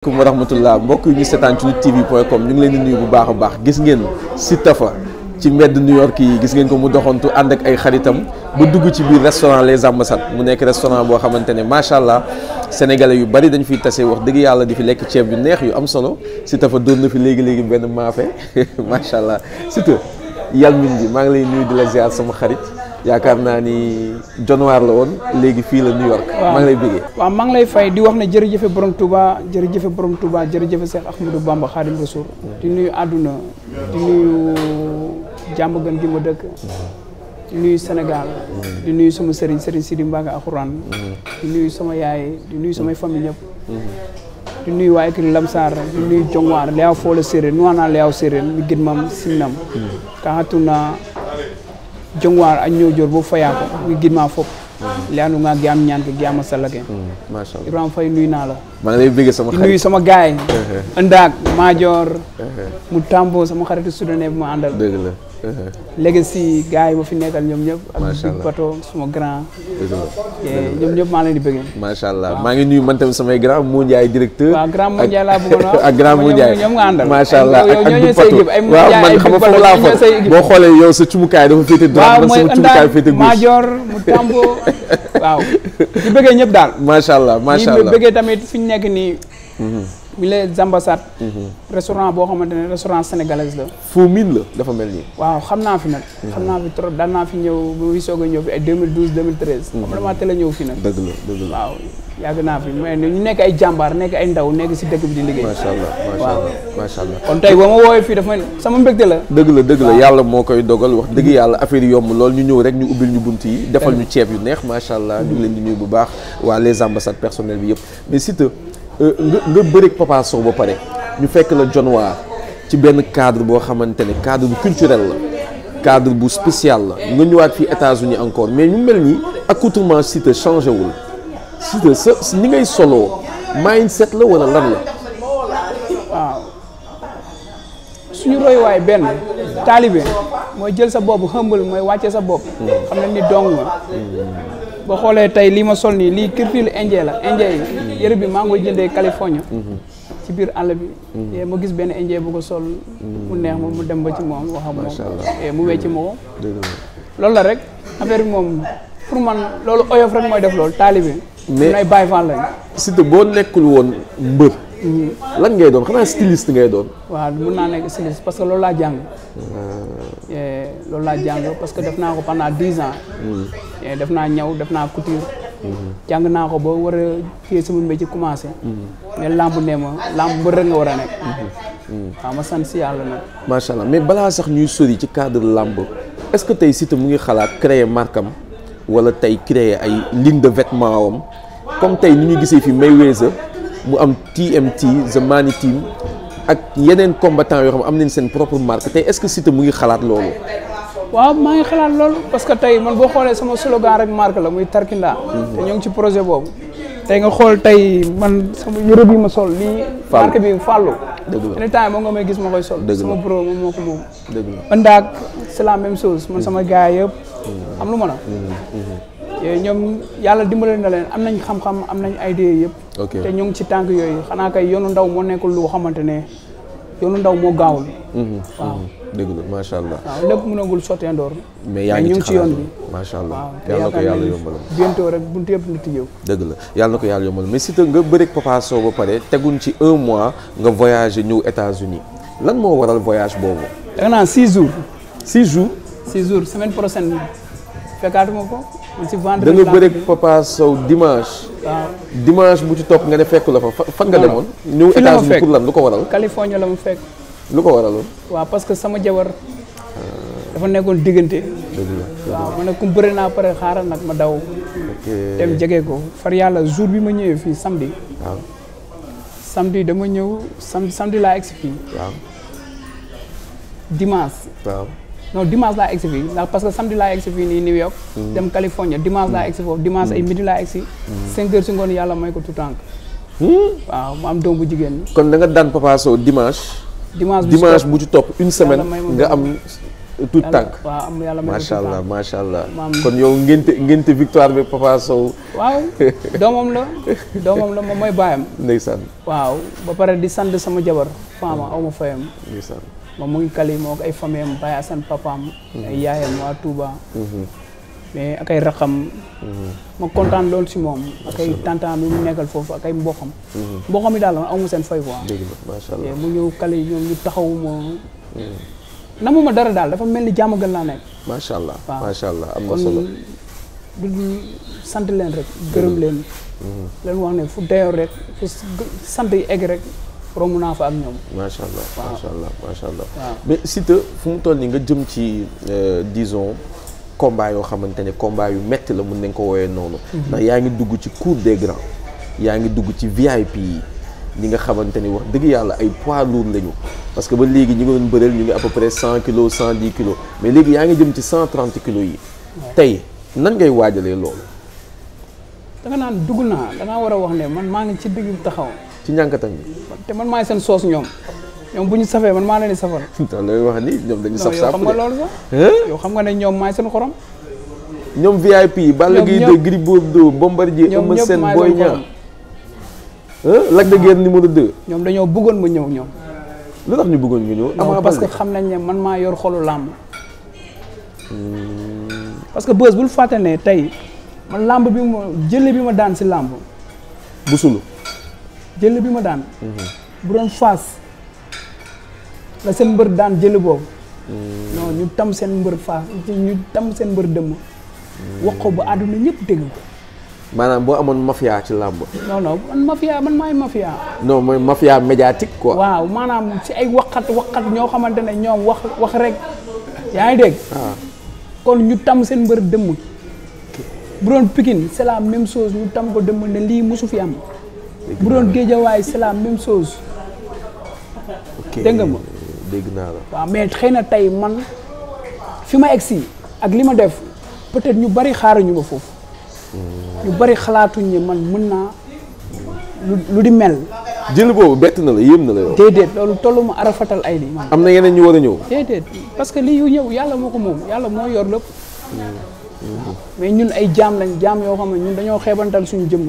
kum wa rahmatullah mbokk yi ñu seetaan ci Lutte TV point com ñu ngi leen di nuyu bu baax baax gis ngeen Siteu fa ci mbedd New York yi gis ngeen ko mu doxantu ànd ak ay xaritam ba dugg ci biir restaurant Les Ambassades mu nekk restaurant boo xamante ne macha allah sénégalais yu bari dañ fiy tasee wax dëgg yàlla di fi lekk ceeb yu neex yu am solo Siteu fa doon na fi léegi léegi benn maafe macha allah Siteu yal min ji maa ngi lay nuyu di la ziar sama xarit. yaakaar naa ni januar la woon léegi fii la New York. waaw lay bëggee. waaw maa lay fay di wax ne jërëjëfe borom Touba jërëjëfe borom Touba jërëjëfe Cheikh Ahmadou Bamba Khadim Rasoul. di nuyu àdduna di nuyu jàmm gën gi ma dëkk. di nuyu Sénégal. di nuyu sama sëriñ sëriñ Sidi Mbaga Akuraan. di nuyu sama yaay di nuyu samay famille di nuyu waa écurie Lamsar di nuyu Jongwaar leyaw foola séeréer nuwaanaa leyaw séeréer mi gid mam sinnam kaxatuna jongwaar añño jor bo fayako mi gidma fop mm-hmm. leyandu nga giyam ñanke giyama sallake machallah mm-hmm. ibrahima fay nuy naa la maa ngi lay bëgg sama xarit nuyu sama gaay Ndaak Maajoor mu tàmboo sama xaritu sudanais bi ma àndal dëgg la Euh. legacy gars yi ma fi nekkal ñoom ñëpp. macha allah ak Big Pato suma maa leen di bëggee. macha allah maa ngi nuyu man tamit samay grand Mo Ndiaye directeur. waaw grand Mo Ndiaye laa bëggoon a wax ak grand Mo Ndiaye ñoom nga àndal. ak ak Big Pato waaw man xam nga foofu boo xoolee yow sa cumukaay dafa féete droite man sama cumukaay féete gauche Major mu Tambo waaw. di bëggee ñëpp daal. macha allah macha allah di tamit fi ñu nekk nii. Mhm. les ambassades. Mhm. restaurant boo xamante ne restaurant sénégalaise la. fu miin la dafa mel nii. waaw xam naa fi nag. Mhm. xam naa fi trop daan naa fi ñëw bu soog a ñëw fi ay 2012 mhm. a ñëw fi nag. dëgg la dëgg naa ñu nekk ay jàmbaar nekk ay ndaw nekk si dëkk bi di liggéey. macha allah kon tey boo ma woowee fii dafa sama mbégte la. dëgg la dëgg la yàlla moo koy dogal wax dëgg yàlla affaire yi yomb lool ñu ñëw rek ñu ubbil ñu bunt yi defal ñu ceeb yu neex macha allah ñu ngi leen di nuyu bu baax waa les ambassades personnel bi yëpp mais Siteu Euh, nga nga bëreeg Papa ba pare ñu fekk la Dionewar ci benn cadre boo xamante ne cadre bu culturel la cadre bu spécial la nga ñëwaat fii États-Unis encore mais ñu mel nii accoutrement Siteu changé wul Siteu sa ni ngay soloo mindset la wala lan la. waaw suñu royuwaay benn taalibe mooy jël sa bopp humble mooy wàcce sa bopp. Hmm. xam na ni dong nga. Hmm. boo xoolee tey lii ma sol nii lii culture indien la indien yi yëre bi maa ngi koy jëndee Californie mm-hmm. ci biir àll bi e ma gis benn indien bu ko sol mm-hmm. mu neex ma mu dem ba ci moom wax ak moom mu wecci ma ko loolu la rek affaire bi moom pour man loolu oyof rek mooy def loolu taalibe mais ay Baay Faal lañ surtout boo nekkul woon mbër lan ngay doon xanaa styliste ngay doon. waaw mun naa nekk styliste parce que loolu laa jàng. Ah. Eh, loolu laa jàng parce que def naa ko pendant dix ans. Hmm. Eh, def naa ñaw def naa couture. Hmm. jàng naa ko ba war a kii sama mbéy ci commencé. Hmm. mais lamb nee ma lamb mbër rek nga war a nekk. waaw ma sant si yàlla nag. macha allah mais balaa sax ñuy sori ci cadre lamb est-ce que tey Siteu mu ngi xalaat créer marque am wala tey créer ay ligne de vêtement am comme tey ni ñu gisee fi Mayweather. mu am TMT The Mani Team ak yeneen combattant yoo xam am nañ seen propre marque tey est-ce que Siteu mu ngi xalaat loolu. waaw maa ngi xalaat loolu parce que tey man boo xoolee sama slogan rek marque la muy Tarkinda. Mhm. te ñoo ngi ci projet boobu. tey nga xool tey man sama yëre bi ma sol lii. marque bi fàllu. dëgg la en temps moom nga may gis ma koy sol. sama bro moom moo ko moom. dëgg la man daal la même chose man sama gars yëpp. Mhm. am lu ma la. Mhm. Eh, ñoom yàlla dimbale na leen am nañ xam-xam am nañ ay idée yëpp. te ñu ngi ci tànk yooyu xanaa kay yoonu ndaw moo nekkul lu xamante ne yoonu ndaw moo gaawul. Mhm, mhm. waaw dégg nga macha allah. waaw lépp mënagul sotteendoo. mais yaa ngi ci xalaat yoon bi macha allah. yàlla na ko yàlla yombalal bientôt rek buntu dëgg la yàlla ko yàlla yombalal mais si te nga bëreeg Papa Sow ba pare teguñ ci un mois nga voyagé ñëw États-Unis lan moo waral voyage boobu. da nga naan six jours. six jours. six jours semaine prochaine fekkaatuma ko. si vendredi da nga bëre ak Papa Sow dimanche. dimanche bu ci topp nga ne fekk la fa fan nga demoon. ñëw états pour lan lu ko waral. Californie la mu fekk. lu ko waraloon. waaw parce que sama jabar. dafa nekkoon diggante. waaw ma ne comme bëri naa pare xaaral nag ma daw. dem jege ko far yàlla jour bi ma ñëwee fii samedi. waaw dama ñëw sam samedi laa egsi fii. dimanche. non dimanche laa parce que samedi laa egsi fii nii New York. Mm. dem Californie dimanche laa mm. egsi foofu dimanche ay mm. may ko tout temps. Hmm? waaw mu doom bu jigéen ñi. kon da nga daan Papa Sow dimanche. bu ci dimanche bu ci topp une semaine nga am. tout tànk waaw am yàlla may macha allah macha allah kon yow ngénte ngénte victoire bi Papa Sow. waaw doomam la doomam la moom mooy baayam. ndeysaan waaw ba pare di sant sama jabar. faama hmm. aw ma fayam. moom mu ngi kali moo ak ay famem Baye Assane papaam mhm. ay yaayam waa Touba mhm. mais ak ay raxam mhm. ma kontaan loolu si moom ak ay tantaan bi mu nekkal foofu ak ay mboxam mboxam yi daal ma amu seen fay quoi macha Allah mu ñëw kali ñoom ñu taxawu ma namu dara daal dafa mel ni jàmm gën laa nekk macha Allah macha Allah am na solo sant leen rek gërëm leen leen wax ne fu dayoo rek fu sant yi egg rek romb naa fa ak ñoom. macha allah macha allah macha allah. mais Siteu fu mu toll nii nga jëm ci euh, disons combat yoo xamante ne combat yu metti la mun nañ ko woowee noonu. Mhm. ndax yaa ngi dugg ci cour des grands. yaa ngi dugg ci VIP yi ñi nga xamante ni wax dëgg yàlla ay poids lourds lañu parce que ba léegi ñi nga doon bëreel ñu ngi à peu près cent kilos cent dix kilos mais léegi yaa ngi jëm ci cent trente kilos yi. tey nan ngay waajalee loolu. da naan dugg naa danaa war a wax ne man maa ngi ci digg taxaw. ci ñànkatan bi. te man maay seen soos ñoom. ñoom bu ñu safee man maa leen di safal. loolu wax ni ñoom dañu saf saaf. xam nga loolu sax. yow ne ñoom maay seen xorom. ñoom VIP. ñoom ñëpp Balla Gaye de Gris Bordeaux Bombardier Eumeu Sène Boy Niang. Lac de Guiers numéro 2. ñoom dañoo bëggoon ma ñëw ñoom. lu tax ñu bëggoon nga ñëw. Ama parce que xam nañ ne man maa yor xolu làmb. Hmm. parce que bës bul fàtte tey man làmb bi ma jële bi ma daan si làmb. busulu jël bi ma daan. bu doon faas la seen mbër daan jël boobu. non ñu tam seen mbër tam seen mbër dëmm. wax ko bu àdduna ñëpp dégg ko. maanaam boo amoon mafia ci làmb. non non man mafia man maay mafia. non mooy mafia médiatique quoi. waaw maanaam ci ay waxat waxat ñoo xamante ne ñoom wax wax rek. yaa ngi dégg. Ah. kon ñu tam seen mbër dëmm. bu doon Pikine c'est la même chose ñu tam ko dëmm ne lii mosu fi am. bu doon géejawaay c'est la même chose. ok dégg nga ma dégg naa la. waaw mais xëy na tey man fi ma egg si ak li ma def peut-être ñu bari xaaruñu ma foofu. Hmm. ñu bari xalaatuñ ne man mën naa lu di mel. jël boobu bett na la yéem na la yow. déedéet loolu tollu ma arafatal ay nii. am na yeneen ñu war a ñëw. déedéet parce que lii yu ñëw yàlla moo ko moom yàlla moo yor lépp. Hmm. Hmm. mais ñun ay jaam lañ jaam yoo xam ne ñun dañoo xeebantal suñu jëmm.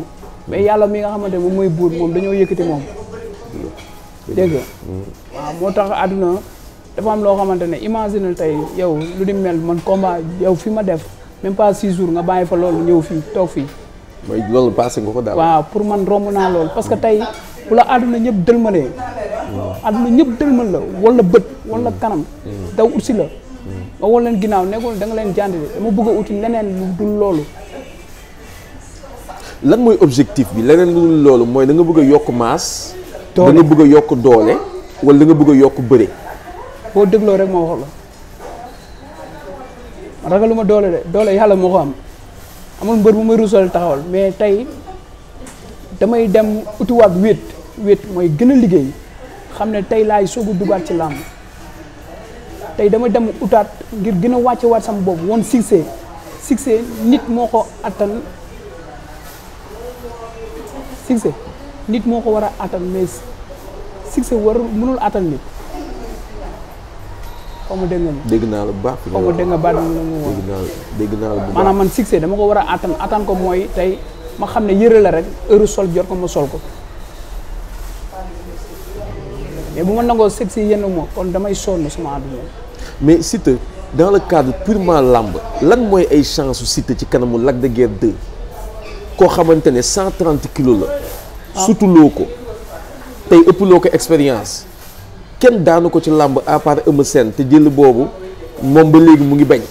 mais yàlla mi nga xamante moom mooy buur moom dañoo yëkkati moom dégg moo tax àdduna dafa loo xamante ne imagine tey yow lu di mel man komba yow fi ma def même pas six jours nga bàyyi fa loolu ñëw fii toog fii mooy loolu passé nga ko daal waaw pour man romb naa loolu parce que tey bu la àdduna ñëpp dëlmalee àdduna ñëpp dëlmal la wala bët walla kanam daw utsi la nga wol leen ginnaaw nekkoon da nga leen jàndile dama bëgg uti leneen lu dul loolu lan mooy objectif bi leneen lu dul loolu mooy da nga bëgg a yokk maas. da bëgg a yokk doole wala da nga bëgg a yokk bëre. boo dégloo rek ma wax la ragaluma doole de doole yàlla moo ko am amul mbër bu may ruusal taxawal mais tey damay dem utiwaat wéet wéet mooy gën a liggéey xam ne tey laay soog a dugaat ci làmb tey dama dem utaat ngir gën a wàcce waat sama boobu woon succès succès nit moo ko attan. succès nit moo ko war a attan mais succès warul mënul attan nit xaw ma dégg naa la bu baax. xaw ma dégg nga baat mu dégg naa dama ko war a attan attan ko mooy tey ma xam ne yëre la rek heure sol jot ko ma sol ko mais bu ma nangoo succès yenn ma kon damay sonn sama àdduna mais Siteu dans le cadre purement làmb lan mooy ay chance su Siteu ci kanamu lag de Guiers koo xamante ne cent trente kilos la ah. sutuloo ko tey ëpploo ko expérience kenn daanu ko ci làmb à part Eumeu te jël boobu moom ba léegi mu ngi bañ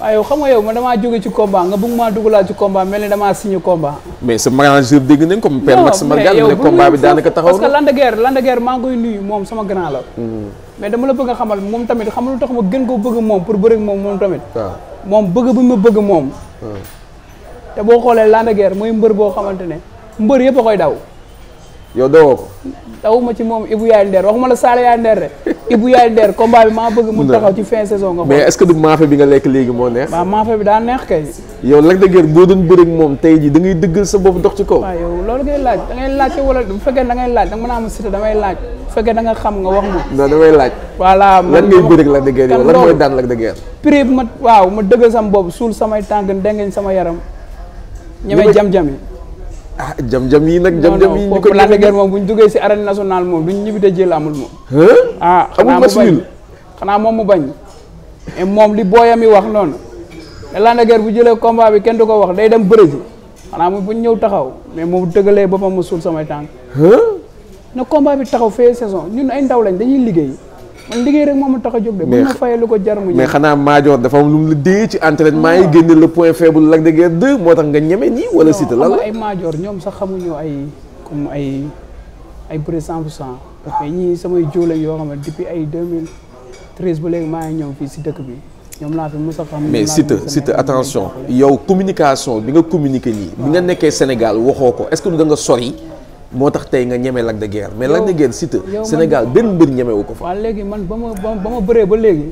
ah, waaye xam nga yow man damaa jóge ci combat nga bëgg maa dugalaat ci combat mel ni damaa signé combat mais sa manager dégg nañ ko père Max Mbargane ne combat bi daanaka taxaw na que Lac de Guiers Lac de Guiers maa ngi koy hmm. mais dama la bëgg xamal moom tamit xam lu tax ma gën koo bëgg moom pour bëri moom moom tamit moom bëgg bu ma bëgg moom hmm. te boo xoolee Lac de mooy mbër boo xamante ne mbër yëpp koy daw. yow dawoo ko. daw ma ci moom Ibou Yaay Nder waxuma la Saal Yaay Nder de Ibou Yaay Nder combat bi bëgg mu taxaw ci fin saison nga. mais est nga lekk léegi moo neex. waaw maafe bi daa neex kay. moom tey jii da ngay dëggal sa bopp dox ci kaw. waaw yow loolu laaj da wala bu fekkee da ngay laaj a am cité damay laaj bu fekkee xam nga wax ma. non damay laaj. voilà lan ngay bëri ak Lac lan mooy daan Lac de Guiers. prix bi ma waaw ma dëggal sama bopp suul samay tànk ndengeñ sama yaram ñi jam-jam yi ah jam-jam yi nag jam-jam yi ñu ko Lac de Guiers moom bu ñu duggee si arène nationale moom duñ ñibbi te jël amul moom ah xanaa mu xanaa moom mu bañ moom li booyam yi wax noonu ne Lac bu jëlee combat bi kenn du ko wax day dem bëre ji xanaa mu buñ ñëw taxaw mais moom dëggalee boppam mu suul samay tànk na combat bi taxaw fee saison ñun ay ndaw lañ dañuy liggéey man liggéey rek moo ma tax a jóg de. mais ma fayee ko jar mu mais xanaa Madior dafa am lu mu la dee ci entraînement yi génne le point faible Lac de Guiers tax nga ñeme nii wala Siteu la ay Madior ñoom sax xamuñu ay ay ay bëre 100 pour 100 mais ñii samay jiw lañ yoo xam ne depuis ay 2013 léegi maa ngi ñëw fii si dëkk bi. ñoom laa fi mos a xam mais Siteu Siteu attention yow communication bi nga communiqué nii. bi nga nekkee Sénégal waxoo ko est-ce que da nga sori. moo tax tey nga ñeme Lac de Guiers mais Lac de Guiers Siteu Sénégal benn mbër ñemewu ko fa. waaw léegi man ba ma ba ma bëree ba léegi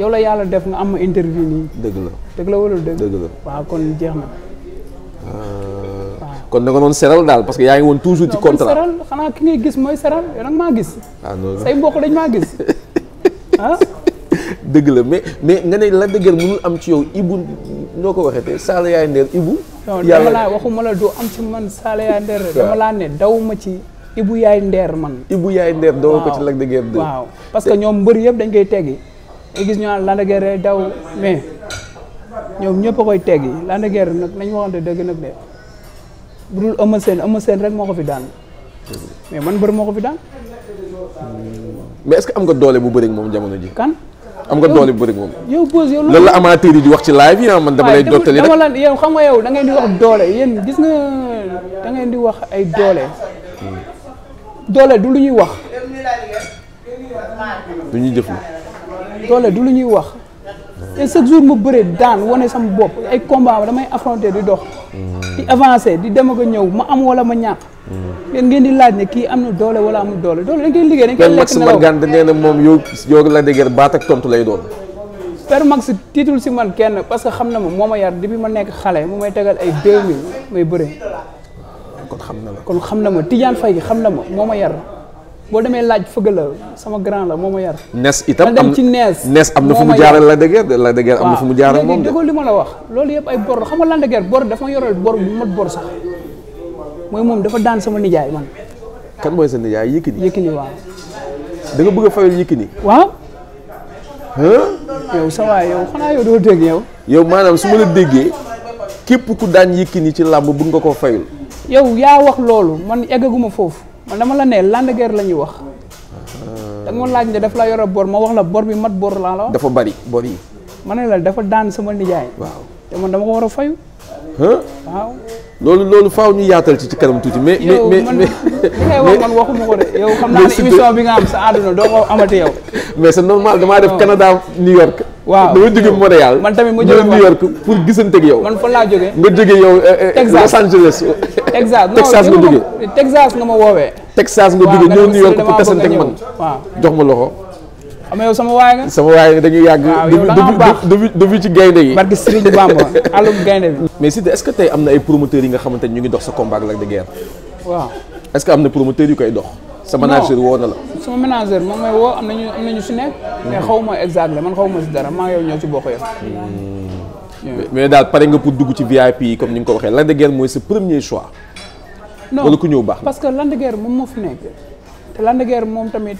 yow la yàlla def nga am interview nii. dëgg la dëgg la wala dëgg. dëgg la waaw kon jeex na. Euh, kon da nga doon seral daal parce que yaa ngi woon toujours ci contrat seral xanaa ki ngay gis mooy seral yow nag maa gis. ah non say mbokk dañ maa gis ah? dëgg la mais mais nga ne Lac de Guiers am ci yow Ibou noo ko waxee tey Saalum yaay ndeel Ibou. yàlla dama laa waxuma la du am ci man Saleya Nder dama laa ne daw ma ci Ibu Yaay Nder man. Ibu Yaay Nder doo ko parce que ñoom mbër yëpp dañ koy teggi. nga gis ñu naan Lac de daw mais ñoom ñëpp koy teggi Lac de nag nañu waxante dëgg nag de bu dul Eumeu Sène Eumeu Sène rek moo ko fi daan mais man mbër moo ko fi daan. mais est am nga doole bu bëri moom jamono ji. kan. am nga doole bu bëri moom. yow Boos yow loolu la amateur yi di wax ci live yi ah, man dama lay dottali rek yow xam nga yow da ngeen di wax doole yéen gis nga da ngeen di wax ay doole. Hmm. doole du lu ñuy wax. lu ñuy jëf la. doole du lu ñuy wax. te chaque jour ma bëre daan wane sama bopp ay combat ma damay affronter di dox. Mm. di avancer di dem ak a ñëw ma am wala ma ñàkk. ngeen mm. ngeen di laaj ne kii am na doole wala amul doole doole dañ koy liggéey dañ lekk na Max nee moom yow yow la dëgër baat ak tontu lay doon. Père Max tiitul si man kenn parce que xam na ma moo ma yar depuis ma nekk xale moo may tegal ay 2000 may bëre. kon xam na ma kon xam na ma Tidiane Faye gi xam na ma moo ma yar. boo demee laaj fëgg la sama grand la moo ma yar. nees itam am dem ci nees. nees am na fu mu jaaral la dëgër la dëgër am na fu mu jaaral moom de déggoo li ma la wax loolu yëpp ay bor xam nga la dëgër bor dafa ma yoreel bor bu mat bor sax mooy moom dafa daan sama nijaay man. kan mooy sa nijaay Yékini. Yékini waaw. da nga bëgg a fayal Yékini. waaw. yow sa waay yow xanaa yow doo dégg yow. yow maanaam su ma la déggee képp ku daan Yékini ci làmb bëgg nga koo fayul. yow yaa wax loolu man eggaguma foofu. man dama la ne Lac de la ñuy wax. Euh. da laaj ne daf la yor a bor ma wax la bor bi mat bor laa la wax. dafa bari bor yi. ma ne la dafa daan sama nijaay. waaw te man dama ko war a fayu. waaw. loolu loolu faaw ñu yaatal ci ci kanam tuuti mais. mais mais mais yow man waxuma ko de yow xam naa ne bi nga am sa àdduna doo ko amati yow. mais c'est normal damaa def Canada New York. waaw dama jóge Montréal. man tamit ma jóge pour gisante ak yow. man fan laa jóge nga jóge yow. Eh, eh, Texas Los Angeles. Texas Texas nga jóge Texas nga ma woowee. Texas nga jóge ñëw New York pour tasante ak man. waaw jox ma loxo. xam nga yow sama waay nga. sama waay dañuy yàgg. du du ci gaynde yi. barke Serigne Bamba àllum gaynde bi. mais Siteu est-ce tey am na ay promoteurs yi nga xamante ni ñu ngi dox sa combat ak Lac de Guiers. waaw est am na promoteurs yu koy dox. sa manager woo na la. sama manager moom mooy woo am nañu am nañu su nekk. Mhm. mais xaw ma exact man xaw ma si dara maa ngi yow ñoo ci bokk yëpp. Hmm. mais daal pare nga pour dugg ci VIP yi comme ni nga ko waxee Lac de Guiers mooy sa premier choix. wala ku ñëw baax parce que Lac de Guiers moom moo tamit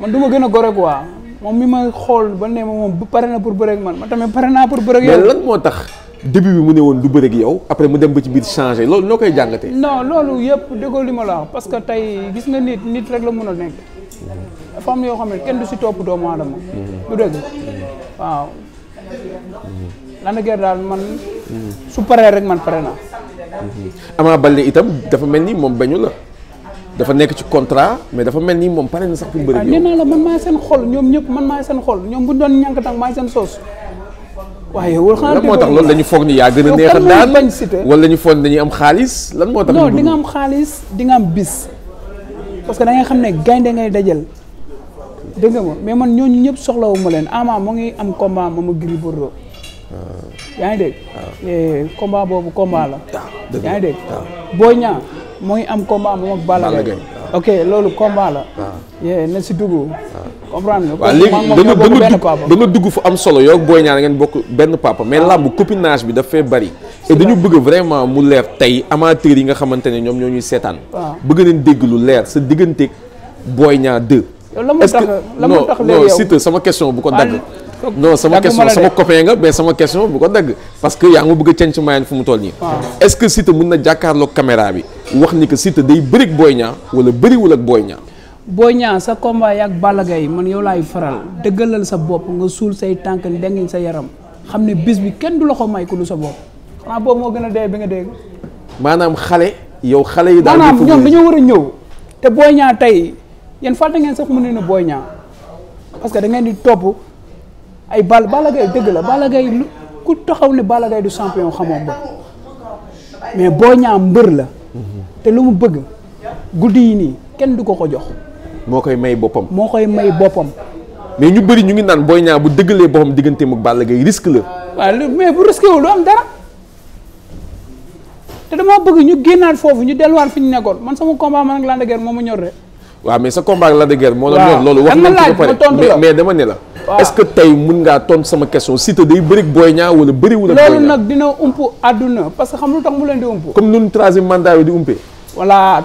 man du ma gën a gore quoi moom mi ma xool ba ne ma moom bu pare na pour bëreeg man man tamit pare naa pour bëreeg yow. mais lan moo tax début bi mu ne woon du bëreeg yow après mu dem ba ci biir changé loolu noo koy jàngatee. non loolu yëpp déggoo li ma la wax parce que tey gis nga nit nit rek la mën a nekk dafa am yoo xam ne kenn du si topp doomu aadama. Mm-hmm. du dëgg mm-hmm. waaw. Lac de Guiers daal man. Mm-hmm. su paree rek man pare naa. Ama Baldé itam dafa mel ni moom bañu la. dafa nekk ci contrat mais dafa mel ni moom pare na sax pour bëri. Ah, nee naa la man maay seen xol ñoom ñëpp man maay seen xol ñoom bu ñu doon ñànk tàng seen soos. waaye yow lan moo tax loolu dañu foog ni yaa gën a neex a daan wala dañu foog am xaalis lan moo tax. non di nga am xaalis di am bis. parce que da xam ne gaynde ngay dajal. dégg nga ma mais man ñooñu ñëpp soxlawu ma leen Ama mu ngi am combat ma ma Gris Bordeaux. Ah. yaa ngi dégg. Ah. Eh, combat boobu combat la. yaa ngi dégg. Boy mooy am combat moom ak Balla Gaye ok loolu combat la. waaw ah. na si dugg. Ah. comprendre nga. léegi da nga da nga dugg fu am solo yow booy ñaar ngeen bokk benn papa mais ah. làmb copinage bi daf fee bari. et dañu bëgg vraiment mu leer tey amateurs yi nga xamante ne ñoom ñoo ñuy seetaan. bëgg nañ dégg lu leer sa digganteeg booy ñaar deux. est-ce que la mu tax sama question bu ko dagg. non sama question sama copain nga mais sama question bu ko dagg parce que yaa ngi bëgg a cànc Mayane fu mu toll nii ah. est-ce que Siteu mën na jàkkaarloog caméra bi wax ni que Siteu day bërig Boy Niang wala bëriwul ak Boy Niang Boy Niang sa combat yaag Balla Gaye man yow laay faral dëggalal sa bopp nga suul say tànk ni dangeen sa yaram xam ne bis bi kenn du la ko may ku du sa bopp xanaa boobu moo gën a dee bi nga dégg maanaam xale yow xale yi daal maanaam ñoom dañoo war a ñëw te Boy Niang tey yéen fàtte ngeen sax mu ne ne Boy Niang parce que da ngeen di topp ay bal Balla Gaye dëgg la Balla Gaye ku taxaw ne Balla Gaye du champion xamoo mbër mais Boy Niang mbër la te lu mu bëgg guddi yi nii kenn du ko ko jox moo koy may boppam moo koy may boppam mais ñu bari ñu ngi naan Boy ñaa bu dëggalee boppam digganteem ak Balla Gaye risque la waaw mais bu risqué wul du am dara te damaa bëgg ñu génnaat foofu ñu delluwaat fi ñu nekkoon man sama combat man ak Lac de Guiers moo ma ñor de waaw mais sa combat ak Lac de moo la ñor na ko ba pare mais dama ne la est-ce que tey mun ngaa ton sama question Siteu day bëri Boy Niang wala bëri wala. loolu nag dina ump àdduna parce xam lu tax mu leen di ump. comme na nu mu la umpee. waaw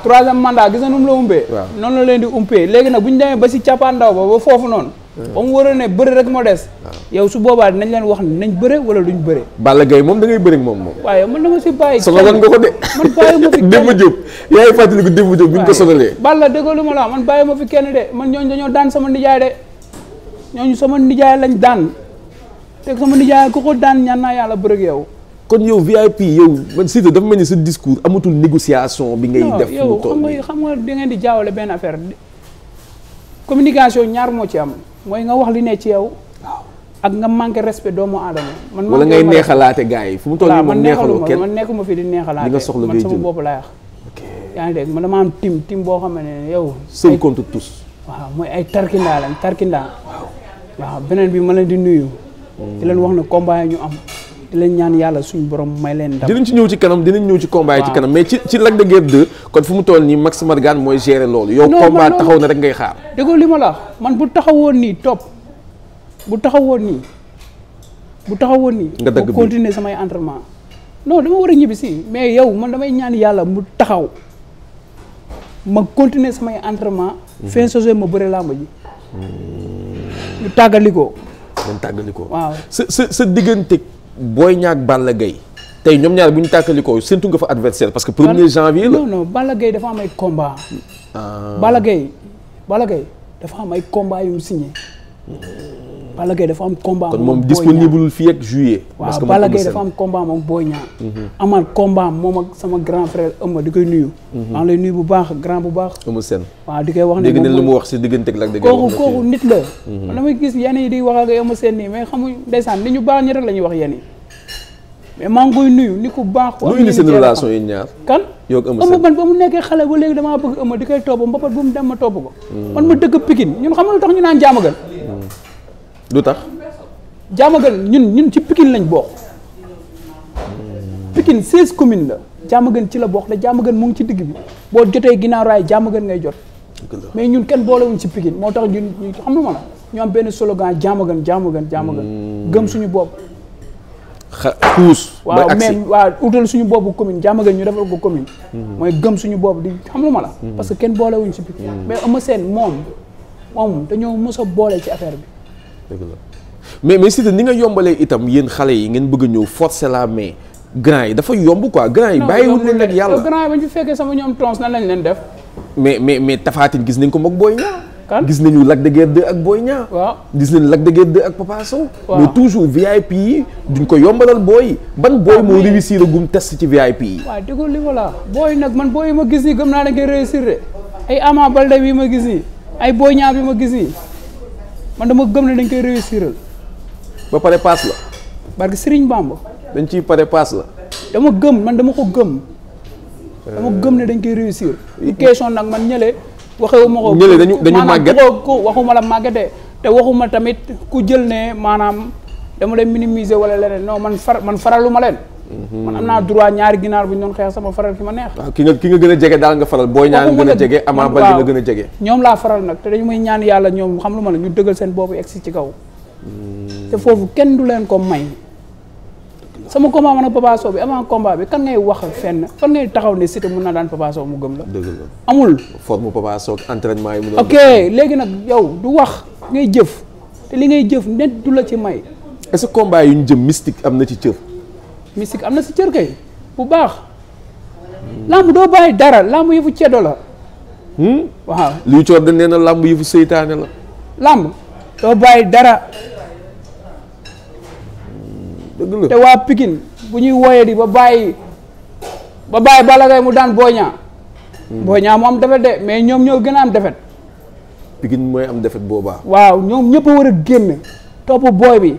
noonu la leen di umpee léegi nag bu ñu demee ba si cappaandaw ba ba foofu noonu. Hmm. ba mu war a ne bëri rek moo des. yow su boobaa dinañ leen wax ne nañ bëre wala duñ bëre. Balla Gaye moom da ngay bëri moom moom. waaye man dama si bàyyi. sonaloon nga ko de. man bàyyi ma fi kenn Demba Diop. yaa fàttaliku Demba ma la man dañoo daan sama nijaay ñooñu sama nijaay lañ daan te sama nijaay ku ko daan ñaan naa yàlla bëreeg yow. kon yow VIP yow man Siteu dafa mel ni sa discours amatul négociation bi ngay def yow xam nga xam nga da ngeen di jaawale benn affaire communication ñaar moo ci am mooy nga wax li ne ci yow. ak nga manqué respect doomu aadama. man wala ngay neexalaate gars yi fu mu toll nii neexaloo kenn man nekkuma fi di neexalaate. li nga soxla ngay jël man sama bopp laa wax. ok yaa ngi dégg man dama am tim tim boo xam ne yow. seul contre tous. waaw mooy ay tarkindaa lañ tarkindaa. waaw beneen bi ma leen di nuyu. Hmm. di leen wax ne combat ñu am. di ñaan yàlla suñu borom may leen ndam. dinañ ci ñëw ci kanam dinañ ñëw ci combat yi ci kanam mais ci ci Lac de kon fu mu toll nii Max Mbargane mooy gérer loolu. yow combat taxaw na rek ngay xaar. déggoo li ma la man bu taxaw woon nii topp bu taxaw woon nii bu taxawoon nii. nga dëgg bi continuer samay entraînement. non war a ñibbi si mais yow man damay ñaan yàlla mu taxaw ma continuer samay entraînement. Hmm. fin saison ma bëre làmb ji. Hmm. ñu tàggalikoo. ñu tàggalikoo waaw sa sa sa diggante booy Niang ak Balla Gaye tey ñoom ñaar bu ñu tàkkalikoo séntu nga fa adversaire parce que. premier janvier la non non Balla Gaye dafa am ay combat. Ah. Balla Gaye dafa am ay combat yu si signé. Balla Gaye dafa am combat. moom disponible fii ak juillet. parce que waaw Balla Gaye dafa am combat moom Boy Niang. Mhm. amal combat moom ak sama grand frère Eumeu di koy mhm. nuyu. bu baax grand bu baax. Eumeu Sène waaw di koy wax ne moom dégg nañ lu mu wax si digganteeg la nit la. man mhm. damay gis yenn yi di wax ak Eumeu Sène nii mais xamuñ ndeysaan nit ñu baax ñi rek la ñuy wax yenn yi mais maa koy nuyu ni ku baax. lu indi seen relation yi ñaar. kan yow ak ba mu nekkee xale ba léegi damaa bëgg Eumeu di koy topp mbapat bu mu dem ma topp ko. man ma dëkk Pikine ñun xam nga tax ñu naan jaama gën lu tax. Diamaguène ñun ñun ci Pikine lañ bokk. Pikine 16 commune la. Diamaguène ci la bokk la Diamaguène mu ngi ci digg bi boo jotee ginnaaw raay Diamaguène ngay jot. mais ñun kenn boolewuñ ci Pikine moo tax ñun ñu xam nga ñu am benn slogan Diamaguène Diamaguène Diamaguène. Hmm. gëm suñu bopp. xa xuus. waaw mais waaw utal suñu boobu commune Diamaguène ñu defal ko commune. Hmm. mooy gëm suñu bopp di xam ma la. Hmm. parce que kenn boolewuñ ci Pikine. mais Eumeu seen moom moom dañoo mës a boole ci affaire bi. dëgg la mais mais Siteu ni nga yombalee itam yéen xale yi ngeen bëgg a ñëw forcer la mais grand yi dafa yomb quoi grand yi bàyyiwul leen ak yàlla euh, grand yi ba ñu fekkee sama ñoom tons nan lañ leen def mais mais mais tafaatin gis nañ ko mook Boy Niang gis nañu Lac de Guiers ak booy Niang waaw gis nañu lag de Guiers ak Papa Sow mais toujours VIP yi duñ ko yombalal booy ban booy ah, moo réussir a gum test ci VIP yi waaw déggoo li voilà booy nag man booy ma gis nii gëm naa da ngay réussir de ay Ama Baldé ma gis nii ay Boy Niang bi ma gis man dama gëm ne dañ koy réussiral ba pare paas la. barke Serigne Bamba. dañ ciy pare paas la. dama gëm man dama ko gëm. Euh, dama gëm ne dañ koy réussir. question nag man ñële. waxewu ma ko ñële dañu dañu màgget maanaam waxuma la màggete te waxuma tamit ku jël ne maanaam dama leen minimiser wala leneen non man far man faraluma leen. Mhm. man am naa droit ñaari ginaar bu ñu doon xeex sama faral ki ma neex waaw ah, ki nga ki nga gën a jege daal nga faral booy ñaan nga gën a jege a jege ñoom laa faral nag te dañu may ñaan yàlla ñoom xam lu ma la ñu dëggal seen boobu egsi ci kaw mm. te foofu kenn du leen ko may sama combat man ak Papa bi avant combat bi kan ngay wax fenn fan ngay taxaw ne Siteu mën naa daan Papa mu gëm la dëgg la amul forme Papa Sow entraînement yi mu ok léegi nag yow du wax ngay jëf te li ngay jëf net la ci may est-ce ñu jëm mystique am na ci cër mystique am na si cër kay bu baax. làmb doo bàyyi dara làmb yëfu ceddo la. Hmm? waaw liy coor dañ nee na làmb yëfu seytaane la. làmb doo bàyyi dara. dëgg la te waa Pikine bu ñuy wooyee di ba bàyyi ba bàyyi Balla mu daan Boña. Hmm. Boña mu am defet de mais ñoom ñoo gën a am defet. Pikine mooy am defet boobaa. waaw ñoom ñëpp war a génn topp booy bi.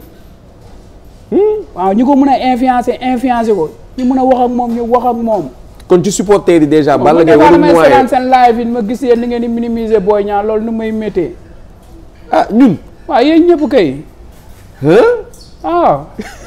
Hmm? waaw ñu ko mën a influencer influencer ko ñu mën a wax ak moom ñu wax ak moom. kon ci supporter yi déjà. Balla Gaye warul moyen ma seen live yi ma gis yéen ni ngeen di minimiser Boy Niang loolu nu may méttee. ah ñun. waaw yéen ñëpp kay. ah.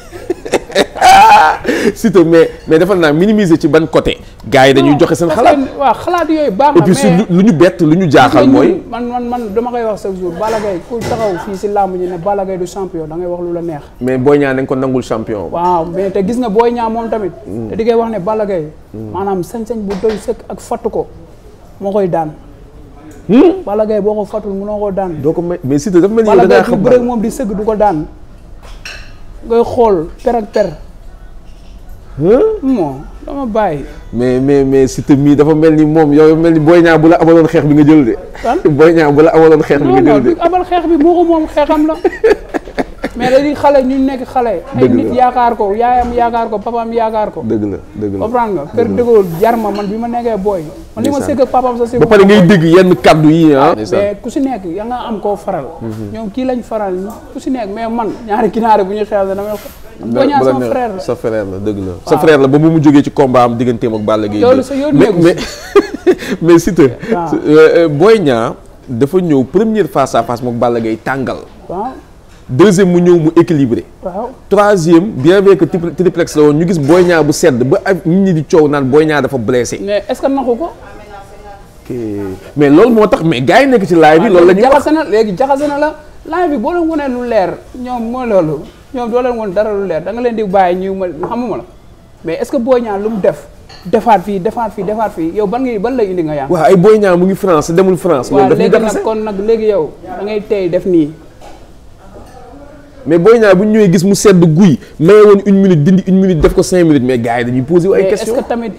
Siteu mais mais defal naa minimiser ci ban côté. gars yi dañuy joxe seen xalaat waa xalaat yooyu baax na et lu ñu bett lu ñu jaaxal mooy. man man man dama koy wax chaque jour Balla Gaye ku taxaw fii si làmb ñi ne Balla du champion da ngay wax lu la neex. mais Boy Niang dañ ko nangul champion. waaw mais te gis nga booy Niang moom tamit. Mm. te di ngay wax ne Balla mm. maanaam sañ-sañ bu doy sëkk ak fattu ko moo koy daan. Hmm? Balla Gaye boo ko fattul mënoo koo daan. doo ko mais Siteu dafa mel moom di sëgg du ko daan. ngay xool per ak per. bon dama bàyyi. mais mais mais Siteu mii dafa mel ni moom yow mel ni booy Niang bu la amaloon xeex bi nga jël de. Boy Niang bu la amaloon xeex bi nga jël de. non bi moo ko moom xeexam la. mais dañuy xale ñu nekk xale. ay nit yaakaar ko yaayam yaakaar ko papaam yaakaar ko. dëgg la dëgg la comprendre nga. kër dëggool jar ma man bi ma nekkee booy. man li ma sëkk ak papaam yenn kaddu yi ah. ku si nekk ya am koo faral. Mhm. ñoom kii lañ faral ku si mais man ñaari ginaare bu ñu xeexee damay. Boña sama frère la sa frère la dëgg la. Ah. sa la ba mu jógee ci kombaam am digganteem ak Balla Gaye. loolu sa yoon mais mais Siteu. Ah. Euh, euh, Boy Niang dafa ñëw première face à face mook Balla Gaye tàngal. deuxième mu ñëw mu équilibré. waaw troisième bien vrai que triplex la woon ñu gis booy Niang bu sedd ba ak nit ñi di coow naan Boy Niang dafa blessé. mais est-ce que naxu ko. mais loolu moo tax mais gars yi nekk ci live bi. loolu la ñuy wax jaxase na léegi jaxase na la live bi boo leen wanee lu leer ñoom mooy loolu ñoom doo leen woon dara lu leer danga leen di bàyyi ñu ma xamuma la mais est-ce que Boy Niang lu mu def. defaat fii defaat fii defaat fii yow ban ngay ban la indi nga yaa. waaw ay Boy Niang mu ngi France demul France. loolu daf ñu kon nag léegi yow ngay tey def nii. mais Boy Niang bu ñu ñëwee gis mu sedd guy maye woon une minute dindi une minute def ko cinq minutes mais gars yi dañuy posé ay question est-ce que tamit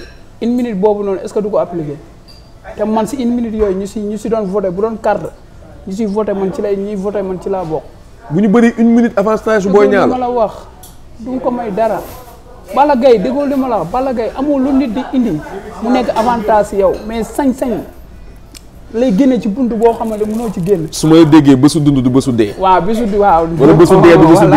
une minute boobu noonu est-ce que du ko appliqué te man si une minute yooyu ñu si ñu si doon voté bu doon carte ñu si voté man ci lay ñuy voté man ci laa bokk. bu ñu bëri une minute avantage Boy Niang la ma la wax du nga ko may dara. Balla Gaye déggoo li ma la wax Balla Gaye amul lu nit di indi mu nekk avantage si yow mais sañ-sañ. lay génne ci bunt boo xamante mënoo ci génn. su may déggee bésu dund du bésu dee. waaw bésu du waaw. wala dee du bésu dund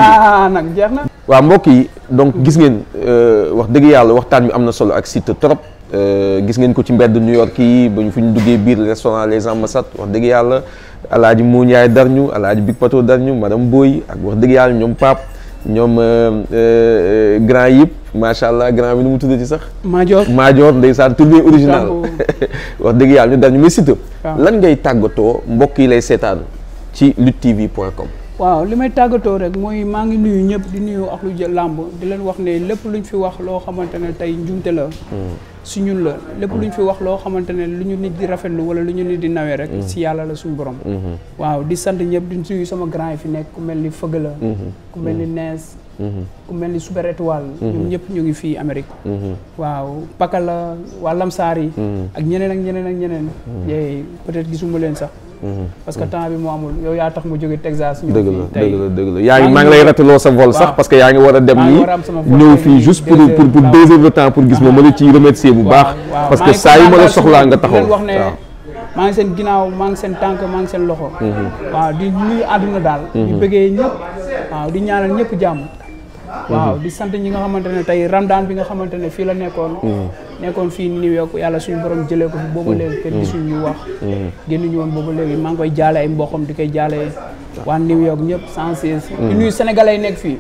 nag jeex na. waaw mbokk yi donc gis ngeen euh, wax dëgg yàlla waxtaan bi am na solo ak Siteu trop. Euh, gis ngeen ko ci mbedd New York yi ba ñu fu ñu duggee biir restaurant les ambassades wax dégg yàlla alaaji Mouñaay Darñu alaaji Big Pato Darñu madame booy ak wax dëgg yàlla ñoom Pape. ñoom euh, euh, grand yëpp macha allah grand bi nu mu tudd ci sax. Maajoor Maajoor ndeysaan tur bi original. wax dëgg yàlla ñu dal ñu may Siteu. lan ngay tàggatoo mbokk yi lay seetaan ci luttetv.com. waaw li may tàggatoo rek mooy maa ngi nuyu ñëpp di nuyu ak lu jël làmb di leen wax ne lépp luñ fi wax loo xamante ne tey njuumte la. Hmm. su ñun la lépp lu ñu fi wax loo xamante ne lu ñu nit di lu wala lu ñu nit di nawee rek mm-hmm. si yàlla la suñu borom mm-hmm. waaw di sant ñëpp di suñu sama grand yi fi nekk ku mel ni fëgg la mm-hmm. ku mel ni nees ku mel ni super étoile ñoom ñëpp ñu ngi fii Amérique waaw pakala waa lamsaar yi ak ñeneen ak ñeneen ak ñeneen yeey gisuma leen sax Mm-hmm. parce que temps bi mu amul yow yaa tax ma jóge Texas. ñëw fii tey yaa ngi lay rataloo sa vol sax parce que yaa ngi war a dem nii ñëw fii juste pour deux heures de temps pour gis ma ma la ciy remercier bu baax. parce que saa yu ma la soxlaa nga taxaw maa ngi seen ginnaaw maa ngi seen tànk maa ngi seen loxo. Mm-hmm. waaw di nuyu àdduna daal. Mm-hmm. di bëggee ñëpp waaw di ñaanal ñëpp jàmm. waaw di sant ñi nga xamante ne tey ramdaan bi nga xamante ne fii la nekkoon. nekkoon fii New York yàlla suñu borom jëlee ko fi booba léegi kenn mm-hmm. gisuñu wax mm-hmm. génnuñu woon booba léegi maa koy jaale ay mboqam di koy jaale waa New York ñëpp sans mm-hmm. cesse nekk fii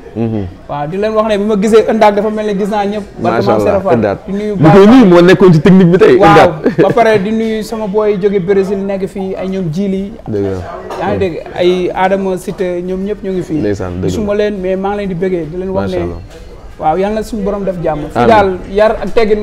di dafa mel ne gis naa ñëpp barkama serafa di nuyu bi koy nuyu moo nekkoon ci technique bi tey waaw ba pare di nuyu sama booy jóge Brésil nekk fii ay ñoom jiili yaa ngi dégg ay Adama Cité ñoom ñëpp ñu ngi fii gisuma leen mais maa leen di bëggee di leen wax ne waaw yàlla suñu borom def jàmm fi daal yar ak teggin